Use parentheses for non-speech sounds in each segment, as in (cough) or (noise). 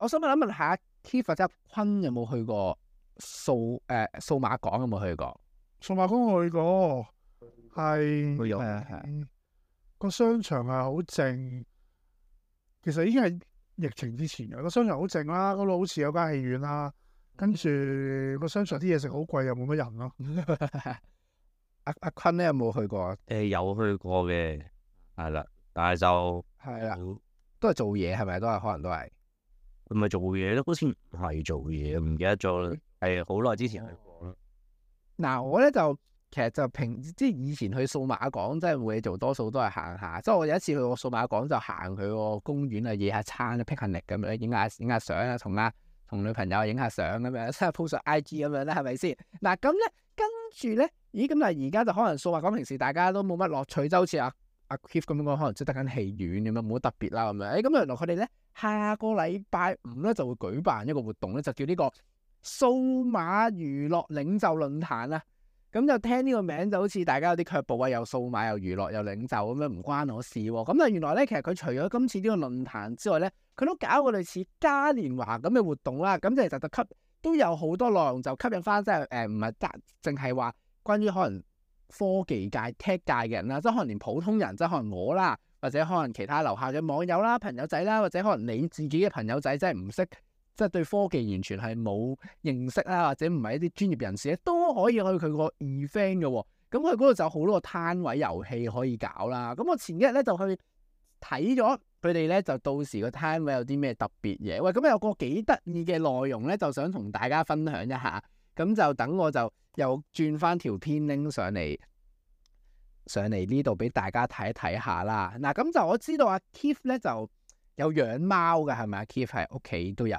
我想諗問一下，Keith 即係坤有冇去過數誒數碼港有冇去過？數碼、呃、港有有去過，係，個商場係好靜。其實已經係疫情之前嘅個商場靜好靜啦，嗰度好似有間戲院啦。跟住個商場啲嘢食好貴又冇乜人咯、啊。阿阿坤咧有冇去過誒有去過嘅，係啦、欸，但係就係啦，都係做嘢係咪？都係可能都係。係咪做嘢咧？好似唔係做嘢，唔記得咗啦。係好耐之前去過啦。嗱、啊，我咧就其實就平即係以前去數碼港，即係冇嘢做，多數都係行下。即係我有一次去個數碼港就行去個公園啊，野下餐，picnic 咁樣，影下影下相啊，同阿同女朋友影下相咁、嗯啊、樣，即係 post 喺 IG 咁樣啦，係咪先？嗱咁咧，跟住咧，咦咁？但係而家就可能數碼港平時大家都冇乜樂趣周，都似啊。阿 Keith 咁樣講，可能即係得間戲院咁樣，冇乜特別啦咁樣。誒，咁原來佢哋咧下個禮拜五咧就會舉辦一個活動咧，就叫呢、這個數碼娛樂領袖論壇啦。咁就聽呢個名就好似大家有啲卻步啊，又數碼又娛樂又領袖咁樣，唔關我事喎、哦。咁啊，原來咧其實佢除咗今次呢個論壇之外咧，佢都搞過類似嘉年華咁嘅活動啦。咁即係其實就吸都有好多內容就吸引翻，即係誒唔係得淨係話關於可能。科技界、tech 界嘅人啦，即係可能連普通人，即係可能我啦，或者可能其他樓下嘅網友啦、朋友仔啦，或者可能你自己嘅朋友仔，即係唔識，即係對科技完全係冇認識啦，或者唔係一啲專業人士咧，都可以去佢、哦、個 event 嘅。咁佢嗰度就好多個攤位遊戲可以搞啦。咁我前幾日咧就去睇咗佢哋咧，就到時個攤位有啲咩特別嘢。喂，咁有個幾得意嘅內容咧，就想同大家分享一下。咁就等我就。又轉翻條片拎上嚟，上嚟呢度俾大家睇一睇下啦。嗱，咁就我知道阿 Keith 咧就有養貓嘅，係咪啊？Keith 係屋企都有，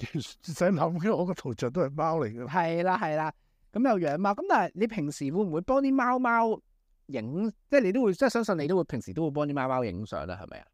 唔使諗嘅，因為我個圖像都係貓嚟嘅。係啦，係啦，咁又養貓。咁但係你平時會唔會幫啲貓貓影？即係你都會，即係相信你都會平時都會幫啲貓貓影相啦，係咪啊？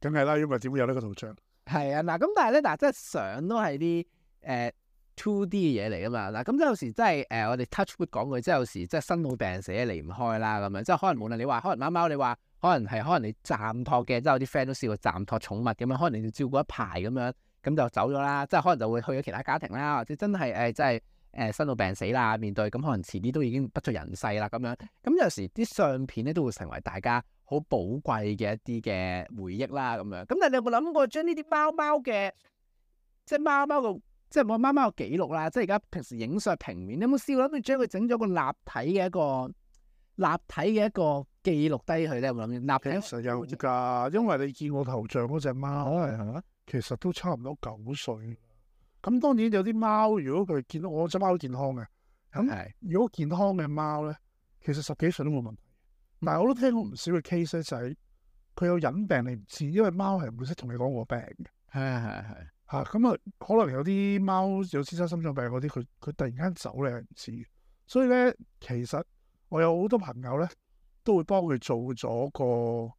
梗係啦，因為點會有呢個圖像？係啊，嗱，咁但係咧，嗱，即係相都係啲誒，2D 嘅嘢嚟啊嘛，嗱，咁、呃、即有時真係誒我哋 touch wood 講句，即係有時即係生老病死離唔開啦咁樣，即係可能無論你話可能貓貓你，你話可能係可能你暫託嘅，即係有啲 friend 都試過暫託寵物咁樣，可能要照顧一排咁樣，咁就走咗啦，即係可能就會去咗其他家庭啦，或者真係誒、呃、真係誒生老病死啦，面對咁可能遲啲都已經不在人世啦咁樣，咁有時啲相片咧都會成為大家好寶貴嘅一啲嘅回憶啦咁樣，咁但係你有冇諗過將呢啲貓貓嘅即係貓貓嘅？即係我貓貓個記錄啦，即係而家平時影相平面，你有冇試過諗住將佢整咗個立體嘅一個立體嘅一個記錄低佢咧？咁樣立體？立體其實有噶，因為你見我頭像嗰隻貓，哦、其實都差唔多九歲。咁當然有啲貓，如果佢見到我隻貓好健康嘅，咁、嗯、係。係係，如果健康嘅貓咧，其實十幾歲都冇問題。但係我都聽過唔少嘅 case 就係、係、佢有隱病你唔知，因為貓係唔會識同你講我的病嘅。係係係。嚇咁啊、嗯，可能有啲貓有先天心臟病嗰啲，佢佢突然間走你係唔知嘅。所以咧，其實我有好多朋友咧，都會幫佢做咗個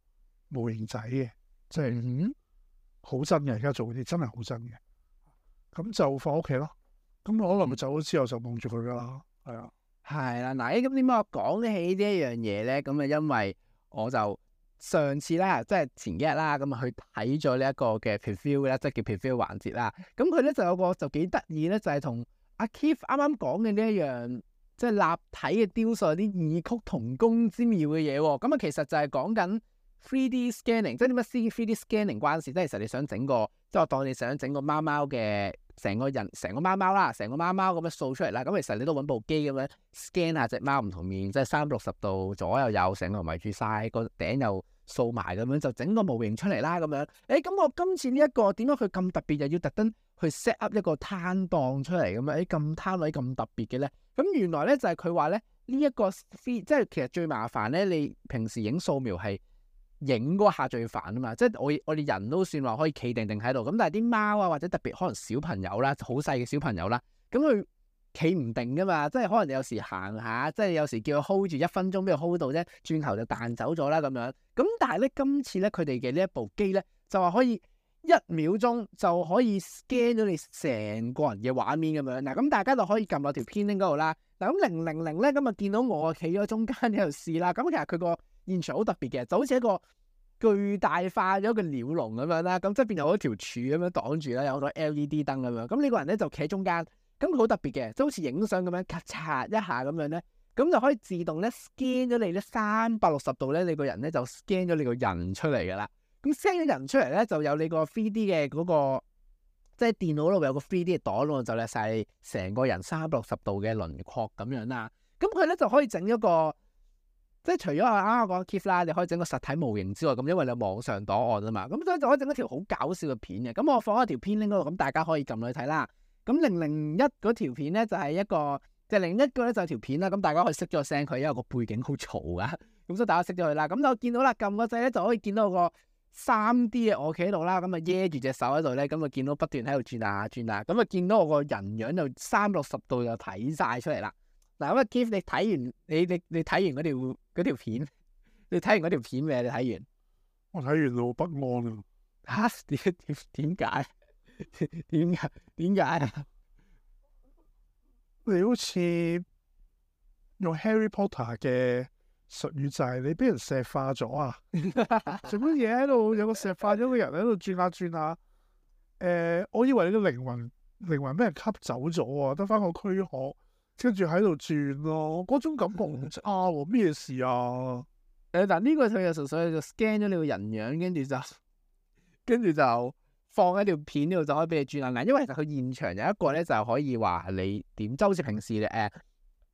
模型仔嘅，即係嗯好真嘅。而家做嗰啲真係好真嘅，咁、嗯嗯嗯、就放屋企咯。咁、嗯、可能咪走咗之後就望住佢噶啦，係啊。係啦，嗱，咁點解我講起呢一樣嘢咧？咁啊，因為我就。上次咧，即係前幾日啦，咁啊去睇咗呢一個嘅 preview 啦，即係叫 preview 環節啦。咁佢咧就有個就幾得意咧，就係、是、同阿 Keith 啱啱講嘅呢一樣，即係立體嘅雕塑啲異曲同工之妙嘅嘢喎。咁啊，其實就係講緊。3D scanning 即係啲乜嘢 3D scanning 關事，即係其實你想整個，即係我當你想整個貓貓嘅成個人，成個貓貓啦，成個貓貓咁樣掃出嚟啦。咁其實你都揾部機咁樣 scan 下隻貓唔同面，即係三百六十度左右有成個圍住晒，個頂又掃埋咁樣，就整個模型出嚟啦。咁樣誒咁我今次呢、這個、一個點解佢咁特別又要特登去 set up 一個攤檔出嚟咁樣？誒咁攤位咁特別嘅咧？咁原來咧就係佢話咧呢一個 3, 即係其實最麻煩咧，你平時影素描係。影嗰下最煩啊嘛，即係我我哋人都算話可以企定定喺度，咁但係啲貓啊或者特別可能小朋友啦，好細嘅小朋友啦，咁佢企唔定噶嘛，即係可能你有時行下，即係有時叫佢 hold 住一分鐘，俾佢 hold 到啫，轉頭就彈走咗啦咁樣。咁但係咧今次咧佢哋嘅呢一部機咧，就話可以一秒鐘就可以 scan 咗你成個人嘅畫面咁樣。嗱、啊、咁、嗯、大家就可以撳落條片 i 嗰度啦。嗱咁零零零咧咁啊、嗯、呢就見到我企咗中間呢度試啦。咁、嗯、其實佢個現場好特別嘅，就好似一個巨大化咗個鳥籠咁樣啦，咁即係變有好多條柱咁樣擋住啦，有好多 LED 燈咁樣，咁你個人咧就企喺中間，咁佢好特別嘅，即係好似影相咁樣咔嚓一下咁樣咧，咁就可以自動咧 scan 咗你咧三百六十度咧，你個人咧就 scan 咗你個人出嚟噶啦，咁 scan 咗人出嚟咧就有你個 3D 嘅嗰、那個，即係電腦度有個 3D 嘅檔度就列晒成個人三百六十度嘅輪廓咁樣啦，咁佢咧就可以整一個。即係除咗我啱啱講 keep 啦，你可以整個實體模型之外，咁因為你有網上檔案啊嘛，咁所以就可以整一條好搞笑嘅片嘅。咁我放一條片喺度，咁大家可以撳落去睇啦。咁零零一嗰條片咧就係一個，即係零一個咧就係條片啦。咁大家可以熄咗聲佢，因為個背景好嘈噶。咁所以大家熄咗佢啦。咁就見到啦，撳個掣咧就可以見到個三 D 嘅我企喺度啦。咁啊耶住隻手喺度咧，咁就見到不斷喺度轉啊轉啊，咁啊見到我個人樣就三六十度就睇晒出嚟啦。嗱，咁啊，Keith，你睇完，你你你睇完嗰條條片，你睇完嗰條片未？你睇完？我睇完啦，好不安啊！嚇？點解？點解？點解啊？你好似用 Harry Potter 嘅術語就係你俾人石化咗啊？做乜嘢喺度？有個石化咗嘅人喺度轉下、啊、轉下、啊。誒、呃，我以為你啲靈魂靈魂俾人吸走咗啊，得翻個軀殼。跟住喺度轉咯，嗰、啊、種感覺唔差喎。咩、啊、事啊？誒、 (music) 嗯，但呢個佢就純粹就 scan 咗你個人樣，跟住就跟住就放喺條片呢度就可以俾你轉喇。因為其實佢現場有一個咧，就可以話你點，周係好似平時誒、呃、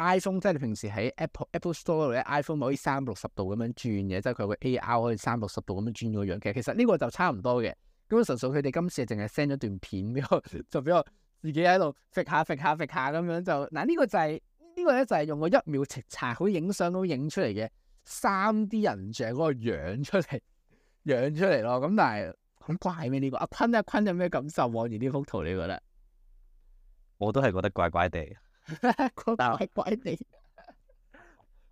iPhone 即係你平時喺 Apple Apple Store 嗰度 iPhone 可以三六十度咁樣轉嘅，即係佢個 AR 可以三六十度咁樣轉個樣嘅。其實呢個就差唔多嘅。咁純粹佢哋今次淨係 send 咗段片俾我， (laughs) 就俾我。自己喺度揈下揈下揈下咁樣就嗱呢、啊這個就係、是、呢、這個咧就係用個一秒直查好似影相都影出嚟嘅三 D 人像嗰個樣出嚟樣出嚟咯咁但係好、嗯、怪咩呢、這個阿坤阿坤有咩感受望完呢幅圖你覺得？我都係覺得怪怪地，怪怪地，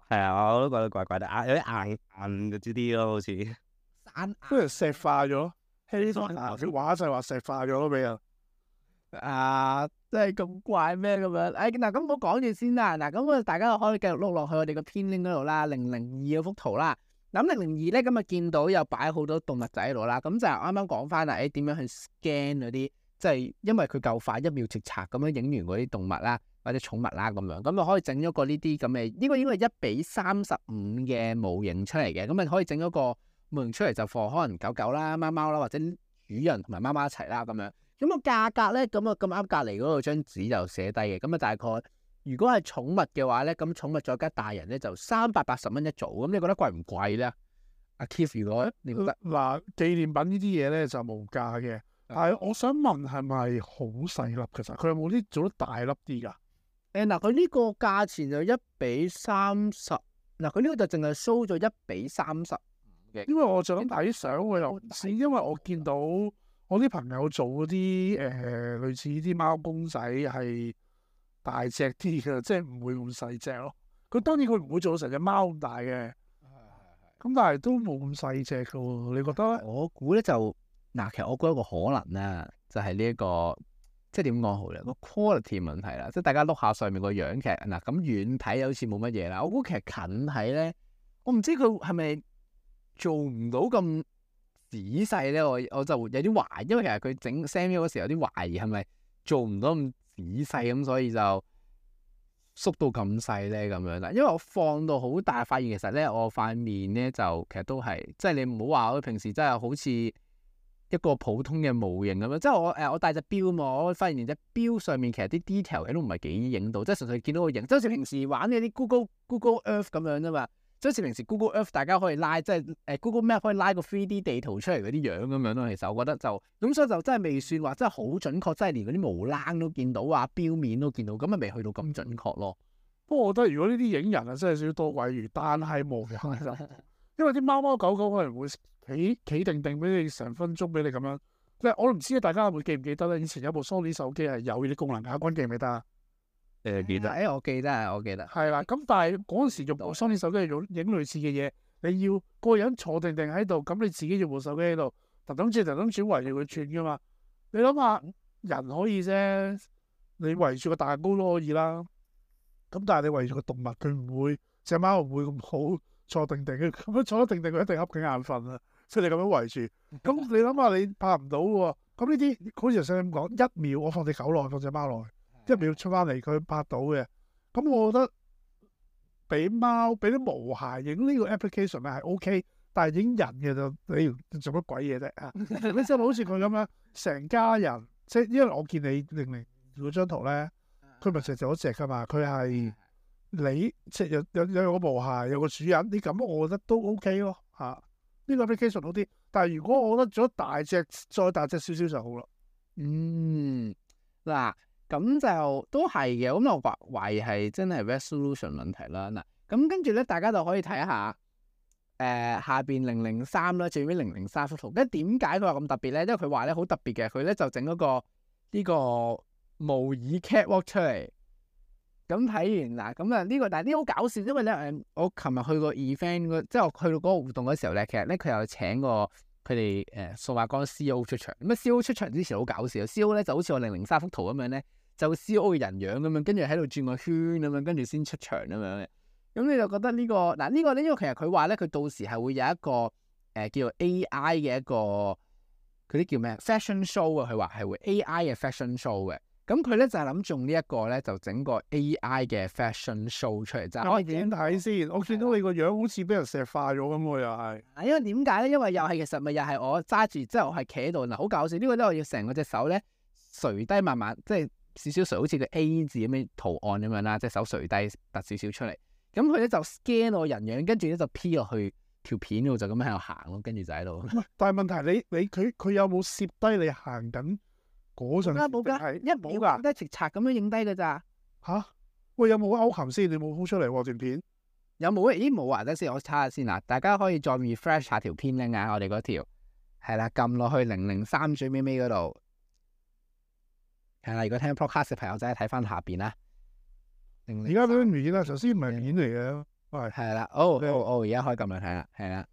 係啊，我都覺得怪怪地啊，有啲硬硬嘅之啲咯，好似，散眼？跟住眼石化咗，頭先畫就話石化咗都未啊。啊，真係咁怪咩咁樣？哎，嗱，咁唔好講住先啦。嗱，咁我大家又可以繼續碌落去我哋個片 link 嗰度啦，零零二嗰幅圖啦。咁零零二咧，咁啊見到又擺好多動物仔喺度啦。咁就啱啱講翻啦，哎，點樣去 scan 嗰啲，即係因為佢夠快，一秒即拆咁樣影完嗰啲動物啦，或者寵物啦咁樣，咁啊可以整咗個呢啲咁嘅，呢個應該係一比三十五嘅模型出嚟嘅，咁啊可以整咗個模型出嚟就放可能狗狗啦、貓貓啦，或者主人同埋貓貓一齊啦咁樣。咁啊、嗯，價格咧，咁啊咁啱隔離嗰個張紙就寫低嘅，咁、嗯、啊大概如果係寵物嘅話咧，咁寵物再加大人咧就三百八十蚊一組，咁、嗯、你覺得貴唔貴咧？阿 Kif，如果你覺得嗱紀念品呢啲嘢咧就冇價嘅，但係我想問係咪好細粒其實？佢有冇啲做得大粒啲噶？誒嗱、嗯，佢、啊、呢個價錢就一比三十、啊，嗱佢呢個就淨係 show 咗一比三十，因為我就諗睇相我又，係因為我見到。我啲朋友做嗰啲誒，類似啲貓公仔，係大隻啲嘅，即係唔會咁細隻咯。佢當然佢唔會做成隻貓咁大嘅，咁但係都冇咁細隻嘅喎。你覺得呢？我估咧就嗱，其實我估一個可能啦、這個，就係呢一個即係點講好咧，個 quality 問題啦。即係大家碌下上面個樣劇嗱，咁遠睇好似冇乜嘢啦。我估其實近睇咧，我唔知佢係咪做唔到咁。仔細咧，我我就有啲懷疑，因為其實佢整 Samuel 嗰時有啲懷疑係咪做唔到咁仔細咁，所以就縮到咁細咧咁樣啦。因為我放到好大，發現其實咧我塊面咧就其實都係，即係你唔好話我平時真係好似一個普通嘅模型咁樣。即係我誒，我戴隻表啊嘛，我發現連隻表上面其實啲 detail 都唔係幾影到，即係純粹見到個形。即係好似平時玩嗰啲 Google Google Earth 咁樣啫嘛。即係似平時 Google App 大家可以拉，即係誒 Google Map 可以拉個 3D 地圖出嚟嗰啲樣咁樣咯。其實我覺得就咁，所以就真係未算話真係好準確，真係連嗰啲毛楞都見到啊，表面都見到，咁咪未去到咁準確咯。不過我覺得如果呢啲影人啊，真係少多鬼魚，但係無用啊， (laughs) 因為啲貓貓狗狗可能會企企定定俾你成分鐘俾你咁樣。即係我唔知大家會記唔記得咧，以前有部 Sony 手機係有呢啲功能嘅，君記唔記得啊？誒，記得誒，我記得啊，我記得係啦。咁但係嗰陣時用我 Sony 手機嚟用影類似嘅嘢，你要個人坐定定喺度，咁你自己用部手機喺度，特登轉特登轉圍住佢轉噶嘛。你諗下，人可以啫，你圍住個蛋糕都可以啦。咁但係你圍住個動物，佢唔會隻貓唔會咁好坐定定嘅，咁樣坐得定定佢一定瞌緊眼瞓啦。即係你咁樣圍住，咁你諗下你拍唔到嘅。咁呢啲好似頭先你咁講，一秒我放隻狗落去，放隻貓落去。一秒出翻嚟，佢拍到嘅。咁、嗯、我覺得俾貓俾啲毛鞋影呢、這個 application 咧係 O、OK, K，但係影人嘅就，你做乜鬼嘢啫啊？ (laughs) 你真係好似佢咁樣，成家人即係因為我見你令令嗰張圖咧，佢咪成咗隻噶嘛？佢係、嗯、你即係有有有個毛鞋，有個主人，啲咁，我覺得都 O、OK、K 咯嚇。呢、啊這個 application 好啲，但係如果我覺得做大隻再大隻少少就好啦。嗯，嗱、啊。咁就都係嘅，咁我懷疑係真係 resolution 問題啦。嗱，咁跟住咧，大家就可以睇下，誒、呃、下邊零零三啦，最尾零零三幅圖。咁點解佢話咁特別咧？因為佢話咧好特別嘅，佢咧就整嗰個呢、這個模擬 catwalk 出嚟。咁睇完嗱，咁啊呢個，但係呢好搞笑，因為咧誒，我琴日去個 event，即係我去到嗰個活動嘅時候咧，其實咧佢又請個。佢哋誒數碼港 C.O 出場，咁啊 C.O 出場之前好搞笑，C.O 咧就好似我零零三幅圖咁樣咧，就 C.O 嘅人樣咁樣，跟住喺度轉個圈咁樣，跟住先出場咁樣嘅。咁你就覺得呢、呢個嗱呢、啊呢個、呢個、呢，因為其實佢話咧，佢到時係會有一個誒、呃、叫做 A.I. 嘅一個嗰啲叫咩 fashion show 啊，佢話係會 A.I. 嘅 fashion show 嘅。咁佢咧就係、是、諗中呢一個咧，就整個 A.I. 嘅 fashion show 出嚟。即係我點睇先？我見到你個樣好似俾人石化咗咁啊！又係，因、哎、為點解咧？因為又係其實咪又係我揸住，即係、就是、我係企喺度嗱，好搞笑。呢個咧我要成個隻手咧垂低慢慢，即係少少垂，好似個 A 字咁樣圖案咁樣啦，即係手垂低突少少出嚟。咁佢咧就 scan 我人樣，跟住咧就 P 落去條片度，就咁喺度行咯。跟住就喺度。喂，但係問題你你佢佢有冇攝低你行緊？嗰陣冇噶，一冇噶，影低直插咁樣影低噶咋？吓，喂，有冇歐擒先？你冇空出嚟喎，段片。有冇？咦，冇啊！等先，我查下先啦。大家可以再 refresh 下條片咧，我哋嗰條係啦，撳落去零零三最尾尾嗰度係啦。如果聽 podcast 嘅朋友仔睇翻下邊啦。而家都樣演啊？首先唔係演嚟嘅，係啦。哦哦哦，而家可以撳嚟睇啦，係啦。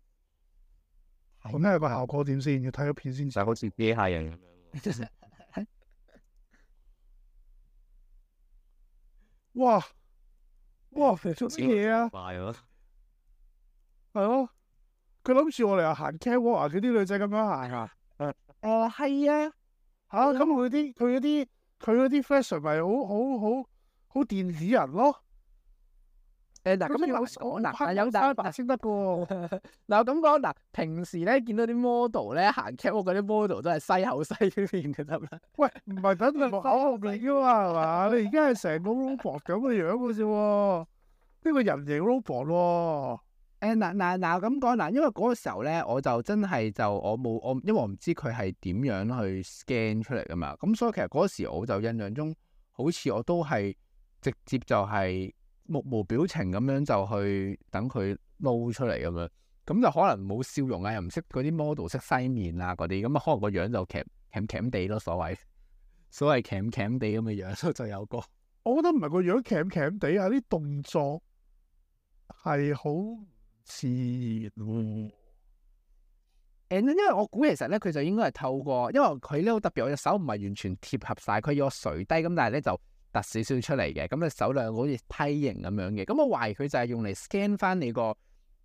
咁睇下個效果點先？要睇咗片先。就好似機械人哇哇做乜嘢啊？係咯，佢諗住我哋行 catwalk 啊！佢啲女仔咁樣行，誒係啊，嚇咁佢啲佢嗰啲佢嗰啲 fashion 咪好好好好好電子人咯～誒，嗱咁都有可能，但係有得白先得嘅喎。嗱，我咁講，嗱，平時咧見到啲 model 咧行 Catwalk 嗰啲 model 都係細口細嗰邊嘅得咩？喂，唔係等佢口紅嚟嘅嘛，係嘛？你而家係成個 robot 咁嘅樣嘅啫，呢個人形 robot 咯。誒，嗱嗱嗱，我咁講，嗱，因為嗰個時候咧，我就真係就我冇我，因為我唔知佢係點樣去 scan 出嚟噶嘛。咁所以其實嗰時我就印象中，好似我都係直接就係。目無表情咁樣就去等佢撈出嚟咁樣，咁就可能冇笑容啊，又唔識嗰啲 model 式西面啊嗰啲，咁啊可能個樣就 cam cam 地咯，所謂所謂 cam cam 地咁嘅樣所以就有個。我覺得唔係個樣 cam cam 地啊，啲動作係好自然喎。Then, 因為我估其實咧佢就應該係透過，因為佢咧好特別，我隻手唔係完全貼合晒，佢要我垂低咁，但係咧就。凸少少出嚟嘅，咁你手量好似梯形咁樣嘅，咁我懷疑佢就係用嚟 scan 翻你個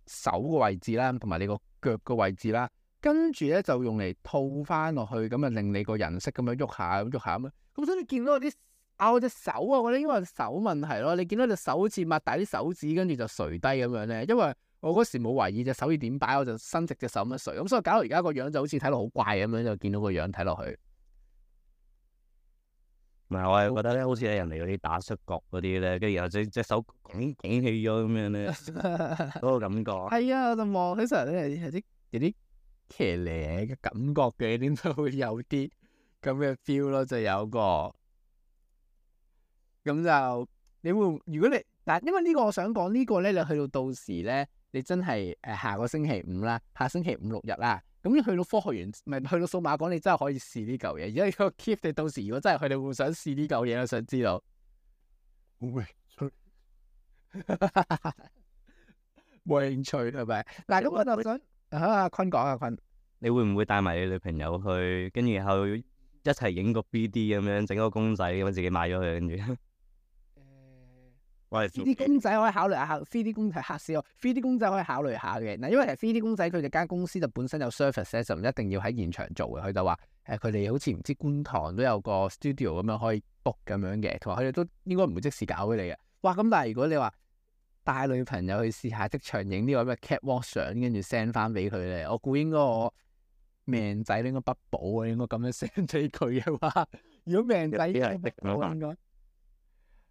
手嘅位置啦，同埋你個腳嘅位置啦，跟住咧就用嚟套翻落去，咁啊令你個人式咁樣喐下，喐下咁啊，咁所以你見到有啲拗隻手啊，我覺得應該係手問題咯。你見到隻手似擘大啲手指，跟住就垂低咁樣咧，因為我嗰時冇懷疑隻手要點擺，我就伸直隻手咁樣垂，咁所以搞到而家個樣就好似睇落好怪咁樣，就見到個樣睇落去。唔係，我係覺得咧，好似咧人哋嗰啲打摔角嗰啲咧，跟住然後隻隻手拱拱起咗咁樣咧，嗰個感覺。係 (laughs) (laughs) 啊，我就望起上咧有啲有啲騎呢嘅感覺嘅，點都都會有啲咁嘅 feel 咯，fe el, 就有個。咁就你會如果你，但因為呢個我想講、這個、呢個咧，你去到到時咧，你真係誒下個星期五啦，下星期五六日啦。咁去到科學園，唔係去到數碼港，你真係可以試呢嚿嘢。而家個 keep，你到時如果真係佢哋會想試呢嚿嘢啦，想知道會冇興趣係咪？嗱， (laughs) 咁我就不想阿坤講阿坤，你會唔會帶埋你女朋友去，跟住然後一齊影個 BD 咁樣，整個公仔咁樣自己買咗佢，跟住。喂，three D 公仔可以考慮下，three D 公仔吓死我，three D 公仔可以考慮下嘅嗱，因為其實 three D 公仔佢哋間公司就本身有 service 咧，就唔一定要喺現場做嘅，佢就話誒，佢哋好似唔知觀塘都有個 studio 咁樣可以 book 咁樣嘅，同埋佢哋都應該唔會即時搞俾你嘅。哇，咁但係如果你話帶女朋友去試下即場影呢個咁 catwalk 相，跟住 send 翻俾佢咧，我估應該我命仔應該不保嘅，應該咁樣 send 俾佢嘅話，如果命仔應該。應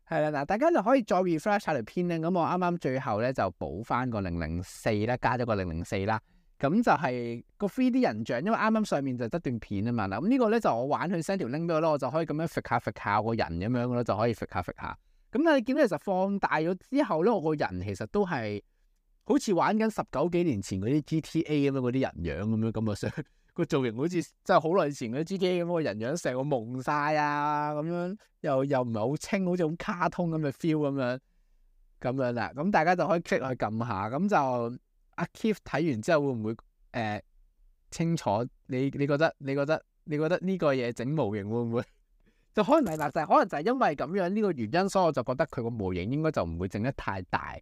係啦，嗱，大家就可以再 refresh 下條片咧。咁我啱啱最後咧就補翻個零零四啦，加咗個零零四啦。咁就係個 3D 人像，因為啱啱上面就得段片啊嘛。嗱，咁呢個咧就我玩佢 send 條 link 俾我咧，我就可以咁樣 fit 下 fit 下個人咁樣咯，就可以 fit 下 fit 下。咁但係見到其實放大咗之後咧，我個人其實都係好似玩緊十九幾年前嗰啲 GTA 咁樣嗰啲人樣咁樣咁嘅相。個造型好似真係好耐以前嗰支機咁，個人樣成個蒙晒啊咁樣，又又唔係好清，好似好卡通咁嘅 feel 咁樣，咁樣啦。咁大家就可以 click 去撳下，咁就阿 Keith 睇完之後會唔會誒、呃、清楚？你你覺得你覺得你覺得呢個嘢整模型會唔會？ (laughs) 就可能係、就是，就係可能就係因為咁樣呢、這個原因，所以我就覺得佢個模型應該就唔會整得太大，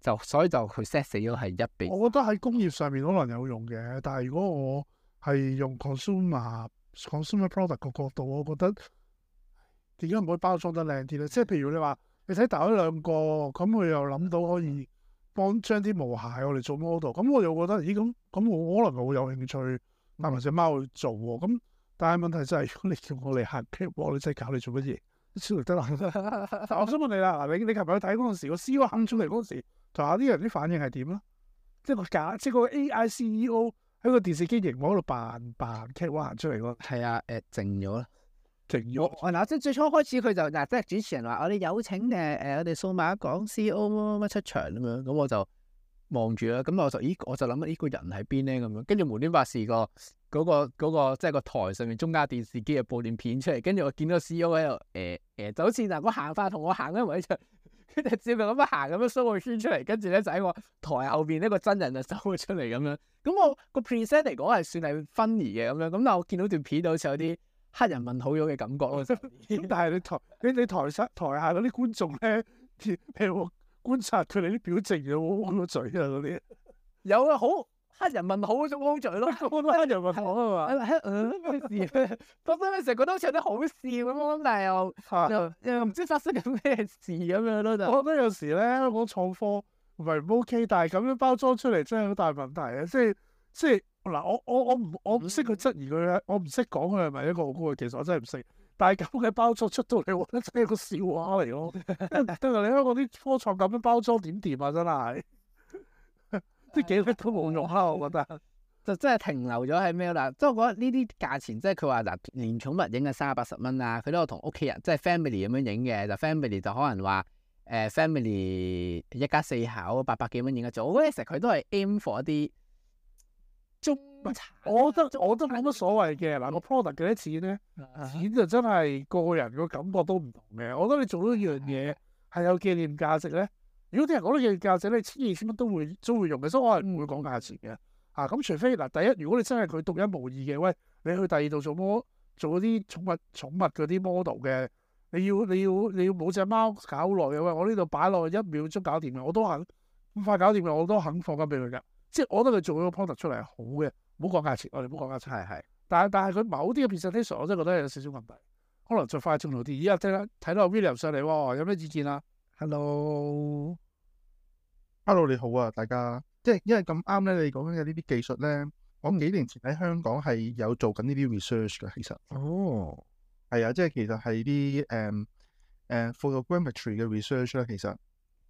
就所以就佢 set 死咗係一比。我覺得喺工業上面可能有用嘅，但係如果我。係用 consumer consumer product 個角度，我覺得點解唔可以包裝得靚啲咧？即係譬如你話，你睇大咗兩個，咁佢又諗到可以幫將啲毛鞋我哋做 model，咁我又覺得，咦咁咁我可能係會有興趣買埋隻貓去做。咁但係問題就係，如果你叫我嚟客機，我你真係搞你做乜嘢？超得啦， (laughs) 我想問你啦，你你琴日去睇嗰陣時個 CEO 喊出嚟嗰陣時，台下啲人啲反應係點咧？即係個假，即係個 AI CEO。喺個電視機熒幕嗰度扮扮 catwalk 行出嚟咯。係啊，誒、呃，靜咗啦，靜咗了。嗱，即係最初開始佢就嗱，即係主持人話我哋有請誒誒、呃，我哋數碼港 CEO 乜、哦、乜出場咁樣，咁我就望住啦。咁我就咦，我就諗呢個人喺邊咧？咁樣，跟住無端白事個嗰個、 (noise) 那個，即係個台上面中間電視機嘅播段片出嚟。跟住我見到 CEO 喺度，誒、欸、誒、欸，就好似嗱，我行化同我行一位出。佢就 (laughs) 照命咁樣行，咁樣 show 佢圈出嚟，跟住咧就喺我台後邊呢個真人就 show 佢出嚟咁樣。咁我個 present 嚟講係算係分離嘅咁樣。咁但我見到段片就好似有啲黑人問號咗嘅感覺咯。 (laughs) (laughs) 但係你台你你台上台下嗰啲觀眾咧，譬如我觀察佢哋啲表情有冇彎到嘴啊嗰啲， (laughs) 有啊好。黑人問好嗰種工序咯， (laughs) 黑人問好啊嘛。嗯、 (laughs) 啊，個、啊、事、啊，發生嘅時候覺得好似有啲好笑咁、啊，但係、啊、又又唔知發生緊咩事咁樣咯就。啊啊、我覺得有時咧，香港創科唔係唔 OK，但係咁樣包裝出嚟真係好大問題啊！即係即係嗱，我我我唔我唔識去質疑佢，我唔識講佢係咪一個好高嘅，其實我真係唔識。但係咁嘅包裝出到嚟，我覺得真係個笑話嚟咯。對啦，你香港啲科創咁樣包裝點掂啊？真係。即係幾都冇用啦，我覺得 (laughs) 就真係停留咗喺咩啦？即係我覺得呢啲價錢，即係佢話嗱，連寵物影嘅三百八十蚊啊，佢都有同屋企人即係、就是、family 咁樣影嘅，就 family 就可能話誒、呃、family 一家四口八百幾蚊影一組。我覺得其實佢都係 aim for 一啲中產。我覺得 (laughs) 我都冇乜所謂嘅嗱，個 product 幾多錢咧？錢就真係個人個感覺都唔同嘅。我覺得你做咗一樣嘢係有紀念價值咧。如果啲人講啲嘢價值咧，千二千蚊都會都會用嘅，所以我係唔會講價錢嘅。嚇、啊、咁，除非嗱，第一，如果你真係佢獨一無二嘅，喂，你去第二度做 model，做啲寵物寵物嗰啲 model 嘅，你要你要你要冇隻貓搞耐嘅，喂，我呢度擺落去一秒鐘搞掂嘅，我都肯咁快搞掂嘅，我都肯放金俾佢㗎。即係我覺得佢做咗個 product 出嚟係好嘅，唔好講價錢，我哋唔好講價錢係係。但係但係佢某啲嘅 presentation，我真係覺得有少少問題，可能再快中路啲。而家睇到 William 上嚟、哦，有咩意見啊？hello，hello，Hello，你好啊，大家，即係因為咁啱咧，你講緊嘅呢啲技術咧，我幾年前喺香港係有做緊呢啲 research 噶，其實，哦，係啊，即係其實係啲誒誒、um, uh, photogrammetry 嘅 research 啦，其實，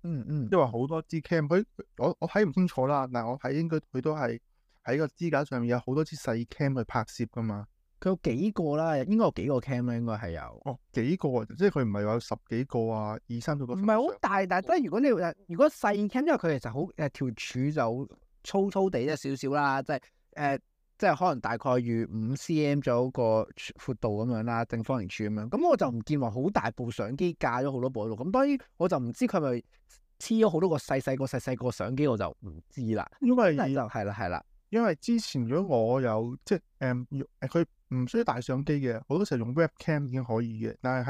嗯嗯、mm，因為好多支 cam，佢我我睇唔清楚啦，但我睇應該佢都係喺個支架上面有好多支細 cam 去拍攝噶嘛。佢有幾個啦，應該有幾個 cam 咧，應該係有。哦，幾個，即係佢唔係有十幾個啊，二三個。唔係好大，但係即係如果你，如果細 cam，因為佢其實好誒條柱就粗粗地一少少啦，即係誒，即、呃、係、就是、可能大概如五 cm 咗個闊度咁樣啦，正方形柱咁樣。咁、嗯、我就唔見話好大部相機架咗好多部喺度，咁當然我就唔知佢咪黐咗好多個細細個細細個相機，我就唔知啦。因為就係啦，係啦。因為之前如果我有即係誒佢唔需要大相機嘅，好多時候用 webcam 已經可以嘅。但係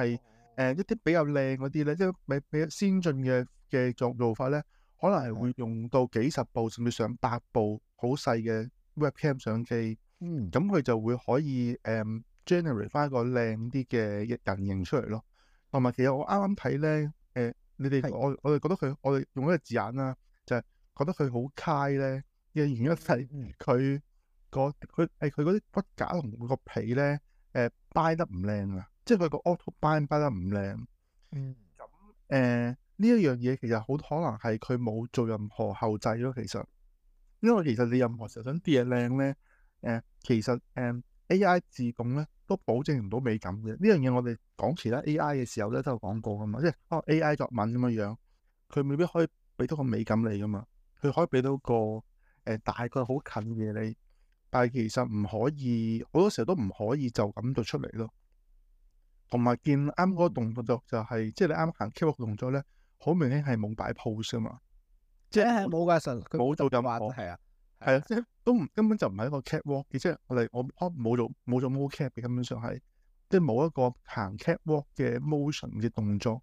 係誒一啲比較靚嗰啲咧，即係比比較先進嘅嘅作做法咧，可能係會用到幾十部甚至上百部好細嘅 webcam 相機。嗯，咁佢就會可以誒、嗯、generate 翻一個靚啲嘅人形出嚟咯。同埋其實我啱啱睇咧誒，你哋我是我哋覺得佢我哋用一個字眼啦、啊，就係、是、覺得佢好 cay 咧。嘅原因係佢個佢誒佢啲骨架同個皮咧誒掰得唔靚啊！即係佢個 auto bind 掰掰得唔靚。嗯。咁誒呢一樣嘢其實好可能係佢冇做任何後製咯。其實因為其實你任何時候想啲嘢靚咧，誒、呃、其實誒、呃、A I 自動咧都保證唔到美感嘅。呢樣嘢我哋講其他 A I 嘅時候咧都有講過噶嘛，即係、哦、A I 作文咁樣樣，佢未必可以俾到個美感你噶嘛，佢可以俾到個。誒大概好近嘅你，但係其實唔可以好多時候都唔可以就咁就出嚟咯。同埋見啱嗰個動作就係，即係你啱啱行 catwalk 嘅動作咧，好明顯係冇擺 pose 啊嘛，即係冇㗎實，冇做咁多係啊，係啊，即係都根本就唔係一個 catwalk 嘅，即係我哋我冇做冇做 move cat 嘅，根本上係即係冇一個行 catwalk 嘅 motion 嘅動作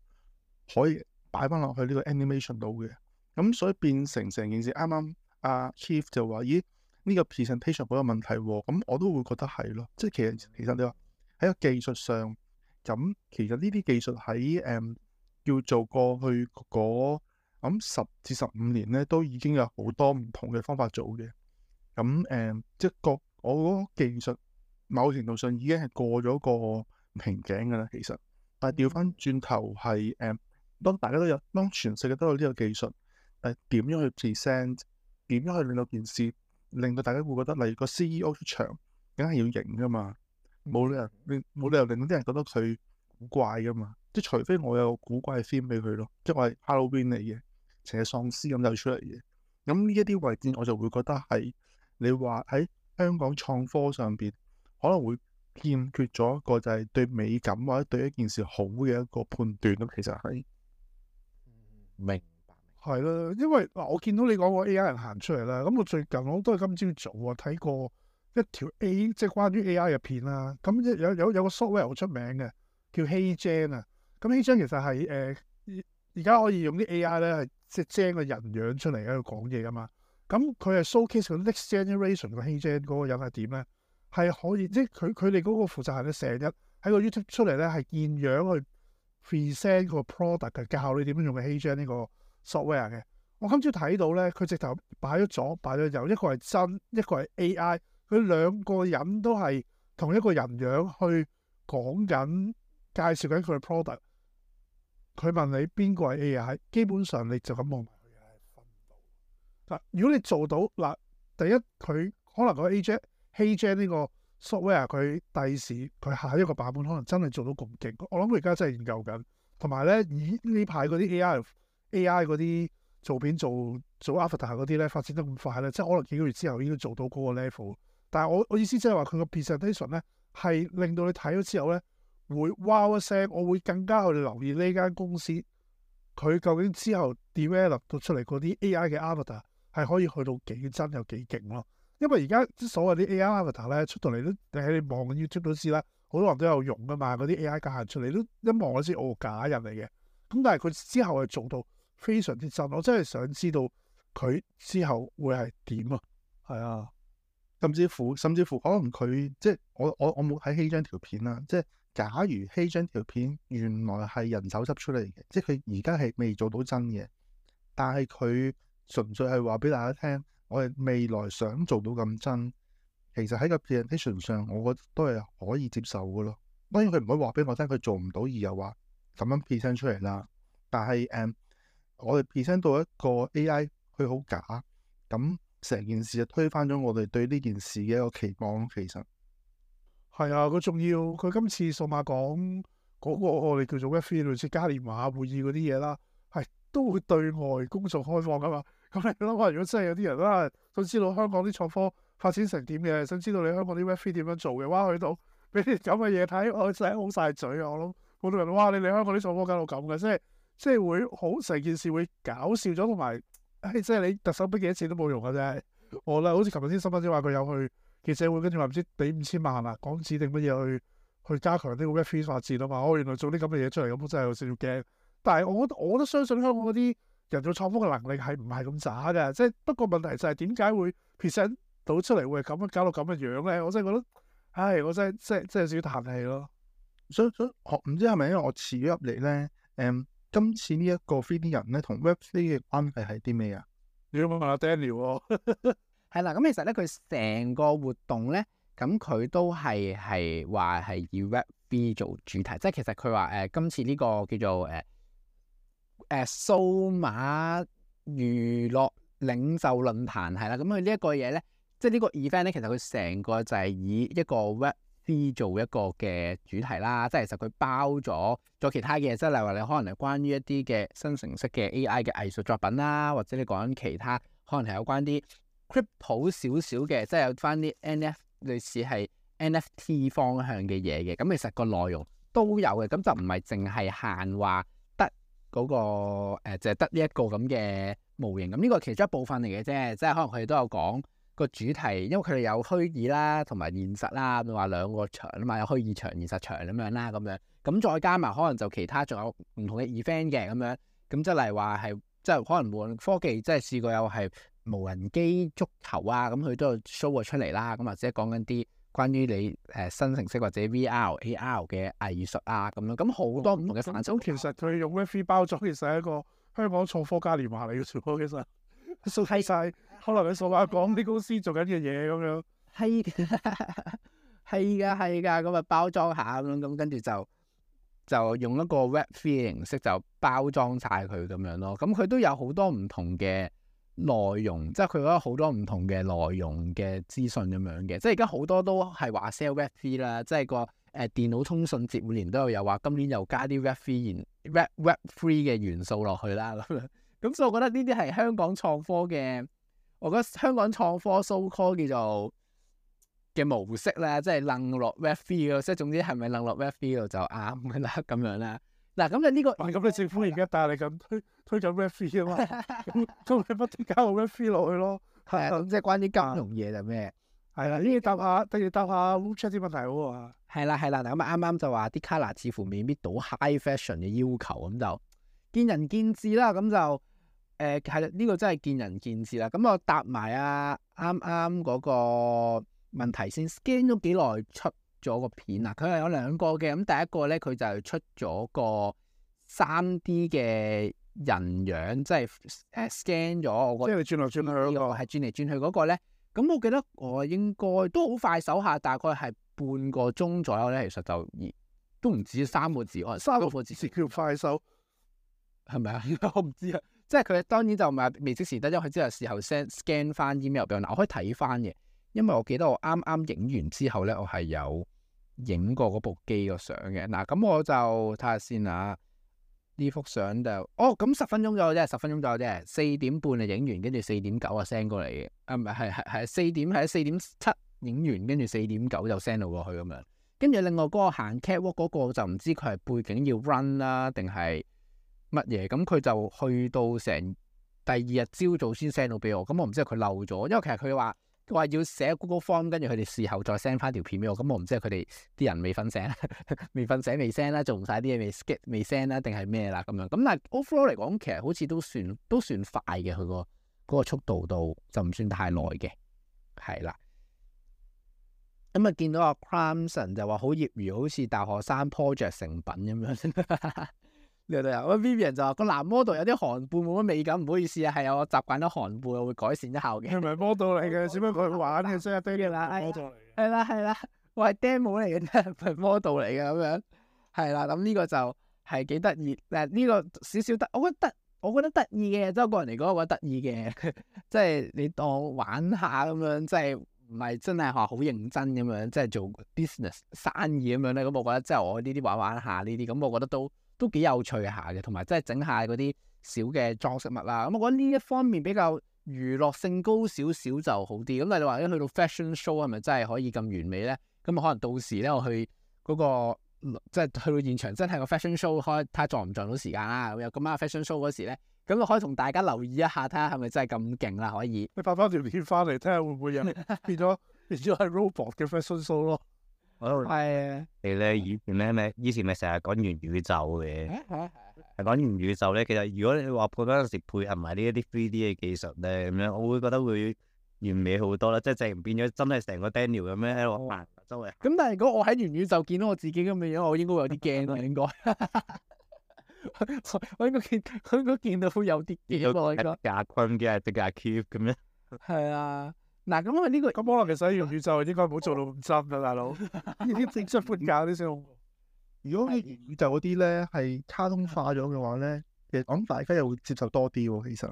可以擺翻落去呢個 animation 度嘅。咁所以變成成件事啱啱。阿 Chief 就話：咦，呢個 presentation 好有問題喎、哦。咁我都會覺得係咯，即係其實其實你話喺個技術上咁，其實呢啲技術喺誒叫做過去嗰咁十至十五年咧，都已經有好多唔同嘅方法做嘅。咁誒、嗯，即係個我嗰個技術某程度上已經係過咗個瓶頸㗎啦。其實，但係調翻轉頭係誒，當大家都有當全世界都有呢個技術，係、呃、點樣去 present？點樣去令到件事，令到大家會覺得，例如個 CEO 出場，梗係要型噶嘛，冇理由令冇理由令到啲人覺得佢古怪噶嘛，即係除非我有古怪嘅 film 俾佢咯，即係我係 Halloween 嚟嘅，成日喪屍咁就出嚟嘅。咁呢一啲位置，我就會覺得係你話喺香港創科上邊，可能會欠缺咗一個就係對美感或者對一件事好嘅一個判斷咯、啊。其實係明。係啦，因為我見到你講個 A.I. 人行出嚟啦，咁我最近我都係今朝早啊睇過一條 A，即係關於 A.I. 嘅片啦、啊。咁有有有個 software 好出名嘅，叫 HeyGen 啊。咁 HeyGen 其實係誒而家可以用啲 A.I. 咧係即係 gen，人樣、hey、gen 個人樣出嚟喺度講嘢噶嘛。咁佢係 showcase 個 next generation 個 HeyGen 嗰個人係點咧？係可以即係佢佢哋嗰個負責人咧成日喺個 YouTube 出嚟咧係現樣去 present 個 product 嘅，教你點樣用 hey、這個 HeyGen 呢個。software 嘅，我今朝睇到咧，佢直頭擺咗左，擺咗右，一個係真，一個係 A.I. 佢兩個人都係同一個人樣去講緊介紹緊佢嘅 product。佢問你邊個係 A.I.，基本上你就咁望埋佢就分唔到嗱。如果你做到嗱，第一佢可能 HeyGen，HeyGen 呢個 software 佢第時佢下一個版本可能真係做到咁勁。我諗佢而家真係研究緊，同埋咧咦呢排嗰啲 A.I. A.I. 嗰啲造片做做 avatar 嗰啲咧，發展得咁快咧，即係可能幾個月之後已經做到嗰個 level。但係我我意思即係話佢個 presentation 咧，係令到你睇咗之後咧，會哇一聲，我會更加去留意呢間公司佢究竟之後 develop 到出嚟嗰啲 A.I. 嘅 avatar 係可以去到幾真又幾勁咯。因為而家啲所謂啲 A.I. avatar 咧，出到嚟都你係你望 YouTube 都知啦，好多人都有用噶嘛，嗰啲 A.I. 界限出嚟都一望都知我個假人嚟嘅。咁但係佢之後係做到。非常之真，我真係想知道佢之後會係點啊！係啊，甚至乎，甚至乎，可能佢即係我我我冇睇 HeyGen 條片啦。即係假如 HeyGen 條片原來係人手執出嚟嘅，即係佢而家係未做到真嘅，但係佢純粹係話俾大家聽，我哋未來想做到咁真，其實喺個 presentation 上，我覺得都係可以接受嘅咯。當然佢唔可以話俾我聽佢做唔到，而又話咁樣 present 出嚟啦。但係誒。嗯我哋 present 到一個 AI 佢好假，咁成件事就推翻咗我哋對呢件事嘅一個期望。其實係啊，佢仲要佢今次數碼港嗰個我哋叫做 Web3 類似嘉年華會議嗰啲嘢啦，係都會對外公眾開放噶嘛。咁你諗下，如果真係有啲人啊想知道香港啲創科發展成點嘅，想知道你香港啲 Web3 點樣做嘅，哇！去到俾啲咁嘅嘢睇，我成好曬嘴啊！我覺得好多人哇！你哋香港啲創科搞到咁嘅，即係～即係會好成件事會搞笑咗，同埋、哎、即係你特首俾幾多錢都冇用啊！啫，我咧，好似琴日先新聞先話佢有去記者會，跟住話唔知俾五千萬啊，港紙定乜嘢去去加強呢個 refinancing 發展啊嘛！哦，原來做啲咁嘅嘢出嚟，咁真係有少少驚。但係我覺得，我都相信香港嗰啲人造創富嘅能力係唔係咁渣嘅。即係不過問題就係點解會 present 到出嚟會係咁樣搞到咁嘅樣咧？我真係覺得，唉、哎，我真係真係少少嘆氣咯。想想我唔知係咪因為我遲咗入嚟咧？誒、嗯。今次呢一個 3D 人咧，同 Web3 嘅關係係啲咩啊？你有冇問下 Daniel 喎。係、嗯、啦，咁其實咧，佢成個活動咧，咁佢都係係話係以 Web3 做主題，即係其實佢話誒今次呢個叫做誒誒數碼娛樂領袖論壇係啦，咁佢、嗯、呢一個嘢咧，即係、e、呢個 event 咧，其實佢成個就係以一個 Web B 做一個嘅主題啦，即係其實佢包咗做其他嘅，即係例如話你可能係關於一啲嘅新程式嘅 AI 嘅藝術作品啦，或者你講緊其他可能係有關啲 crypto 好少少嘅，即係有翻啲 NFT 類似係 NFT 方向嘅嘢嘅，咁其實個內容都有嘅，咁就唔係淨係限話得嗰、那個誒，就係得呢一個咁嘅模型咁，呢個其中一部分嚟嘅啫，即係可能佢哋都有講。個主題，因為佢哋有虛擬啦，同埋現實啦，你話兩個場啊嘛，有虛擬場、現實場咁樣啦，咁樣咁再加埋可能就其他仲有唔同嘅 event 嘅咁樣，咁即係例如話係即係可能無論科技，即係試過有係無人機足球啊，咁、嗯、佢都有 show 過出嚟啦，咁或者講緊啲關於你誒新程式或者 VR AR、AR 嘅藝術啊咁樣，咁好多唔同嘅元素。其實佢用 WiFi 包裝，其實係一個香港創科嘉年華嚟嘅啫喎，全其實收曬。可能佢數碼港啲公司做緊嘅嘢咁樣，係係噶係噶咁啊包裝下咁樣，咁跟住就就用一個 Web3 形式就包裝晒佢咁樣咯。咁佢都有好多唔同嘅內容，即係佢嗰好多唔同嘅內容嘅資訊咁樣嘅。即係而家好多都係話 sell Web3 啦，即係個誒電腦通訊節每年都有有話，今年又加啲 Web3、Web3 Web3 嘅元素落去啦。咁樣咁，所以我覺得呢啲係香港創科嘅。我覺得香港創科 so called 叫做嘅模式咧，即係冷落 Web3 咯，即係總之係咪冷落 Web3 就啱嘅啦，咁樣咧。嗱咁就呢個，咁嘅 (music) 政府而家大力咁推推進 Web3 啊嘛，咁你 (laughs) 不停加個 Web3 落去咯。係 (laughs) 啊，嗯啊嗯、即係關於金融嘢就咩？係啊，呢啲答下，突然答下 WeChat 啲問題喎。係啦係啦，嗱咁啱啱就話啲 colour 似乎未必到 high fashion 嘅要求，咁就見仁見智啦，咁就。誒，係啦、嗯，呢、這個真係見仁見智啦。咁、嗯、我答埋啊，啱啱嗰個問題先。scan 咗幾耐出咗個片啊？佢係有兩個嘅，咁、嗯、第一個咧，佢就出咗個三 D 嘅人樣，即係、啊、scan 咗。我即係你轉來轉去咯。呢個係轉嚟轉去嗰、那個咧。咁、嗯、我記得我應該都好快手下，大概係半個鐘左右咧。其實就都唔止三個字可能。三個字。先叫快手係咪啊？是吧 (laughs) 我唔不知啊。 (laughs) 即係佢，當然就唔係未即時得，因為佢之後事後 send scan 翻 email 俾我。嗱，我可以睇翻嘅，因為我記得我啱啱影完之後咧，我係有影過嗰部機個相嘅。嗱，咁我就睇下先啊。呢幅相就哦，咁十分鐘左右啫，十分鐘左右啫。四點半啊影完，跟住四點九啊 send 過嚟嘅。啊，唔係係係係四點係四點七影完，跟住四點九就 send 到過去咁樣。跟住另外嗰個行 catwalk 嗰個就唔知佢係背景要 run 啦定係。乜嘢？咁佢就去到成第二日朝早先 send 到俾我，咁我唔知係佢漏咗，因為其實佢話話要寫 Google Form，跟住佢哋事後再 send 翻條片俾我，咁我唔知係佢哋啲人未瞓醒，未 (laughs) 瞓醒未 send 啦，做唔晒啲嘢未 skip 未 send 啦，定係咩啦咁樣？咁但係 overall 嚟講，其實好似都算都算快嘅，佢個個速度度就唔算太耐嘅，係啦。咁啊，見到阿 Crimson 就話好業餘，好似大學生 project 成品咁樣。 (laughs) 呢度啊，我 Vivi a n 就話個男 model 有啲寒背，冇乜美感，唔好意思啊，係、嗯這個、有我習慣咗寒背，我會改善一下嘅。唔咪 model 嚟嘅，只不過玩嘅，share 啲嘅啦，係啦係啦，我係 m 母嚟嘅啫，唔係 model 嚟嘅咁樣，係啦，咁呢個就係幾得意，誒呢個少少得，我覺得我覺得得意嘅，即係個人嚟講，我覺得得意嘅，即係你當玩下咁樣，即係唔係真係話好認真咁樣，即係做 business 生意咁樣咧，咁我覺得 (laughs) 即係我呢啲玩玩下呢啲，咁我覺得都。都幾有趣有下嘅，同埋真係整下嗰啲小嘅裝飾物啦。咁我覺得呢一方面比較娛樂性高少少就好啲。咁例如話咧，去到 fashion show 係咪真係可以咁完美咧？咁可能到時咧我去嗰、嗰個即係、即係、去到現場，真係個 fashion show 開，睇下撞唔撞到時間啦。咁又今晚 fashion show 嗰時咧，咁就可以同大家留意一下，睇下係咪真係咁勁啦。可以，你發翻條片翻嚟，睇下會唔會有變咗 (laughs) 變咗係 robot 嘅 fashion show 咯。係啊，你咧的以前咧咩？以前咪成日講元宇宙嘅，係講元宇宙咧。其實如果你話配嗰陣時配合埋呢一啲 3D 嘅技術咧，咁樣我會覺得會完美好多啦。即係成變咗真係成個 Daniel 咁樣喺度行周圍。咁但係如果我喺元宇宙見到我自己咁嘅樣，我應該會有啲驚咯。 (laughs) 應該該， (laughs) (laughs) 我應該見，我應該見到好有啲驚咯。應該。廿棍嘅 Keep 咁樣。係啊。 (laughs) (laughs) (laughs) 嗱，咁因為呢個咁可能其實用宇，宇宙應該唔好做到咁真噶，大佬呢啲正真半假啲先好。 (laughs) 如果啲宇宙嗰啲咧係卡通化咗嘅話咧，其實我諗大家又會接受多啲喎。其實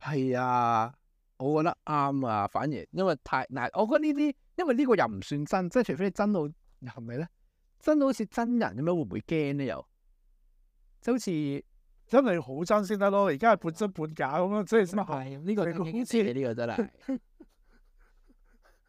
係啊，我覺得啱啊，反而因為太嗱，我覺得呢啲因為呢個又唔算真，即係除非你真到又係咪咧？是是呢真到好似真人咁樣，會唔會驚咧？又即好似真係好真先得咯。而家係半真半假咁樣，即係咁啊。係呢個你知你呢個真係。 (laughs) (laughs)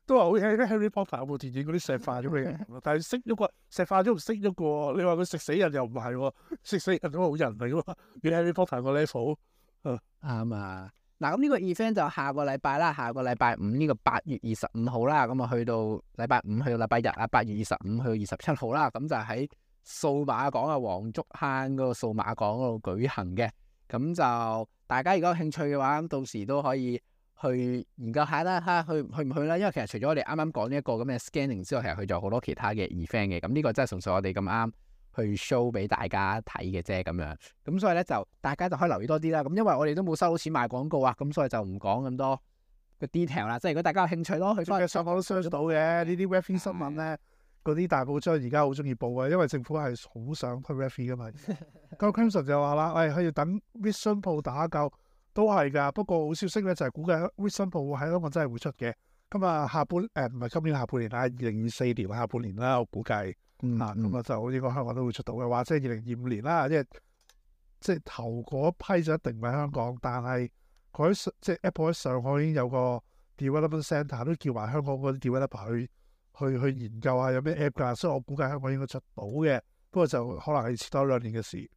都話好似 Harry Potter 有部電影嗰啲石化咗嘅，但係識一個石化咗，唔識一個。你話佢食死人又唔係，食死人都好人嚟嘅嘛？你 Harry Potter 個 level，啱 (laughs) 啊、嗯。嗱，咁呢個 event 就下個禮拜啦，下個禮拜五呢、呢個八月二十五號啦，咁啊去到禮拜五去到禮拜日啊，八月二十五去到二十七號啦，咁就喺數碼港啊，黃竹坑嗰個數碼港嗰度舉行嘅。咁就大家如果有興趣嘅話，咁到時都可以。去研究下啦，嚇去去唔去啦？因為其實除咗我哋啱啱講呢一個咁嘅 scanning 之外，其實佢仲有好多其他嘅 event 嘅。咁、這、呢個真係純粹我哋咁啱去 show 俾大家睇嘅啫。咁樣咁所以咧就大家就可以留意多啲啦。咁因為我哋都冇收到錢賣廣告啊，咁所以就唔講咁多個 detail 啦。即係如果大家有興趣咯，去翻。嘅上網都 search 到嘅呢啲 refi 新聞咧，嗰啲大報章而家好中意報啊，因為政府係好想推 refi 噶嘛。個 (laughs) council 就話啦，佢、哎、要等 mission 鋪打救。」都係噶，不過好消息咧就係、是、估計 Vision Pro 會喺香港真係會出嘅。咁啊，下半誒唔係今年下半年啦，二零二四年下半年啦，我估計、嗯、啊，咁啊就應該香港都會出到嘅，或者二零二五年啦，即係即係頭嗰批就一定唔喺香港，但係佢喺即係 Apple 喺上海已經有個 development centre 都叫埋香港嗰啲 developer 去去去研究下有咩 app 噶，所以我估計香港應該出到嘅，不過就可能係遲多兩年嘅事。